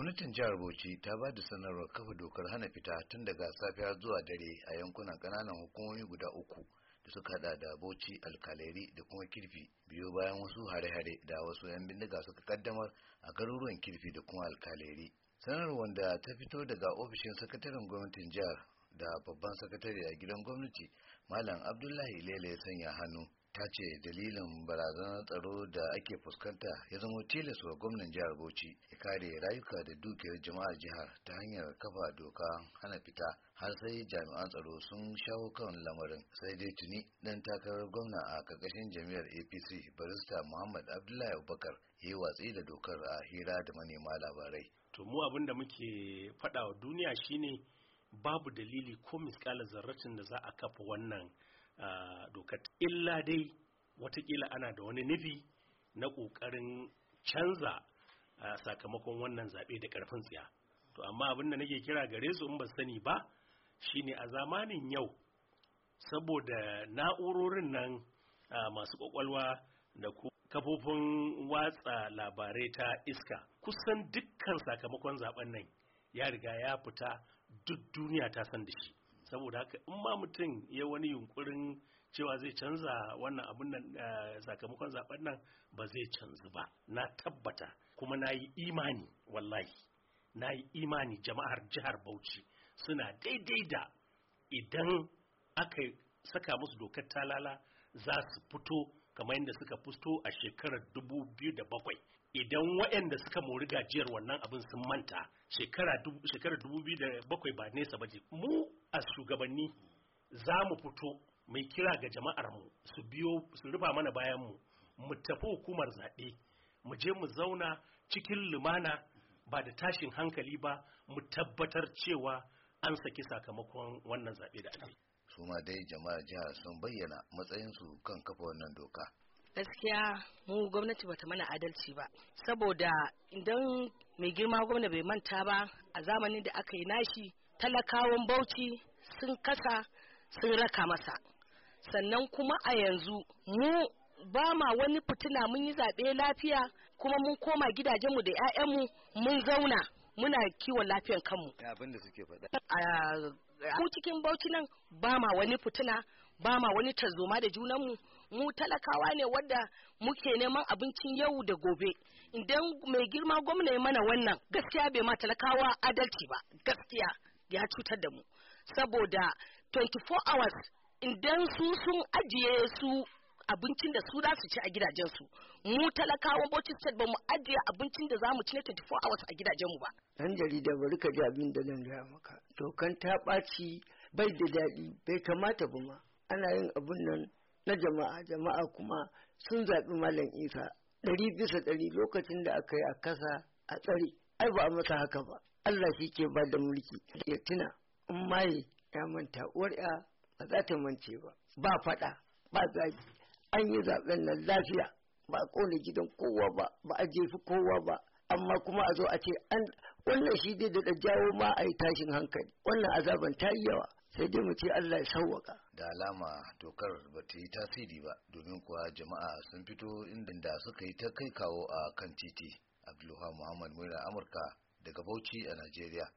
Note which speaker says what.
Speaker 1: gwamnatin jihar bauchi ta ba da sanarwar kafa dokar hana fita tun daga safiya zuwa dare a yankunan kananan hukumomi guda uku da suka hada da bauchi alkaleri da kuma kirfi biyo bayan wasu hare-hare da wasu 'yan bindiga suka kaddamar a garuruwan kirfi da kuma alkaleri sanarwar da ta fito daga ofishin sakataren gwamnatin jihar da babban sakatare a gidan gwamnati malam abdullahi lele ya sanya hannu ta ce dalilin barazanar tsaro da ake fuskanta ya zama tilas wa gwamnan jihar bauchi ya kare rayuka da dukiyar jama'ar jihar ta hanyar kafa doka hana fita har sai jami'an tsaro sun shawo kan lamarin sai dai tuni dan takarar gwamna a karkashin jami'ar apc barista muhammad abdullahi abubakar ya yi watsi da dokar a hira da manema labarai
Speaker 2: to mu abin da muke faɗa wa duniya shine babu dalili ko miskala zarratin da za a kafa wannan dokar illa dai watakila ana da wani nufi na ƙoƙarin canza sakamakon wannan zaɓe da ƙarfin tsiya to amma abin da nake kira gare su in ba sani ba shine a zamanin yau saboda na'urorin nan masu ƙwaƙwalwa da kafofin watsa labarai ta iska kusan dukkan sakamakon zaben nan ya riga ya fita duk duniya ta san da shi saboda haka in ma mutum ya wani yunkurin cewa zai canza wannan abin nan eh, sakamakon zaben nan ba zai canzu ba na tabbata kuma na yi imani wallahi na yi imani jama'ar jihar bauchi suna daidai da idan aka saka musu dokar talala za su fito kamar yadda suka fusto a shekarar dubu idan waɗanda suka mori gajiyar wannan abin sun manta shekarar dubu ba nesa ba mu a shugabanni za mu fito mai kira ga jama'ar mu su biyo su rufa mana bayan mu mu tafi hukumar zaɓe mu je mu zauna cikin lumana ba da tashin hankali ba mu tabbatar cewa an saki sakamakon wannan zaɓe da
Speaker 1: ake kuma dai jama'a jiha sun bayyana matsayinsu kan kafa wannan doka
Speaker 3: gaskiya mu gwamnati bata mana adalci ba saboda idan mai girma gwamna bai manta ba a zamanin da aka yi nashi talakawan bauchi sun kasa sun raka masa sannan kuma a yanzu mu ba ma wani fitina mun yi zaɓe lafiya kuma mun koma gidajenmu da 'ya'yanmu mun zauna muna kiwon lafiyan
Speaker 1: kanmu abin suke faɗa mu
Speaker 3: cikin bauchi nan ba ma wani fituna ba ma wani tazoma da junan mu mu talakawa ne wadda muke neman abincin yau da gobe idan mai girma gwamna mana wannan gaskiya bai ma talakawa adalci ba gaskiya ya cutar da mu saboda 24 hours idan su sun ajiye su abincin da su za su ci a gidajensu mu talakawan bauchi state ba mu ajiye abincin da za mu ci na 24 hours a gidajenmu
Speaker 4: ba dan jarida bari ka ji abin da zan gaya maka kan ta ɓaci bai da daɗi bai kamata ba ma ana yin abun nan na jama'a jama'a kuma sun zaɓi malam isa ɗari bisa ɗari lokacin da aka yi a kasa a tsare ai ba a masa haka ba Allah shi ke ba da mulki ya tuna in maye ya manta uwar ya ba za ta mance ba ba faɗa ba zagi an yi zaben nan lafiya ba a kone gidan kowa ba ba a jefi kowa ba amma kuma a zo a ce an wannan shi dai da jawo ma a yi tashin hankali wannan azaban ta yi yawa sai dai mu ce Allah ya sauwaka
Speaker 1: da alama dokar ba ta yi tasiri ba domin kuwa jama'a sun fito inda suka yi ta kai kawo a kan titi Abdullahi Muhammad Mura Amurka daga Bauchi a Najeriya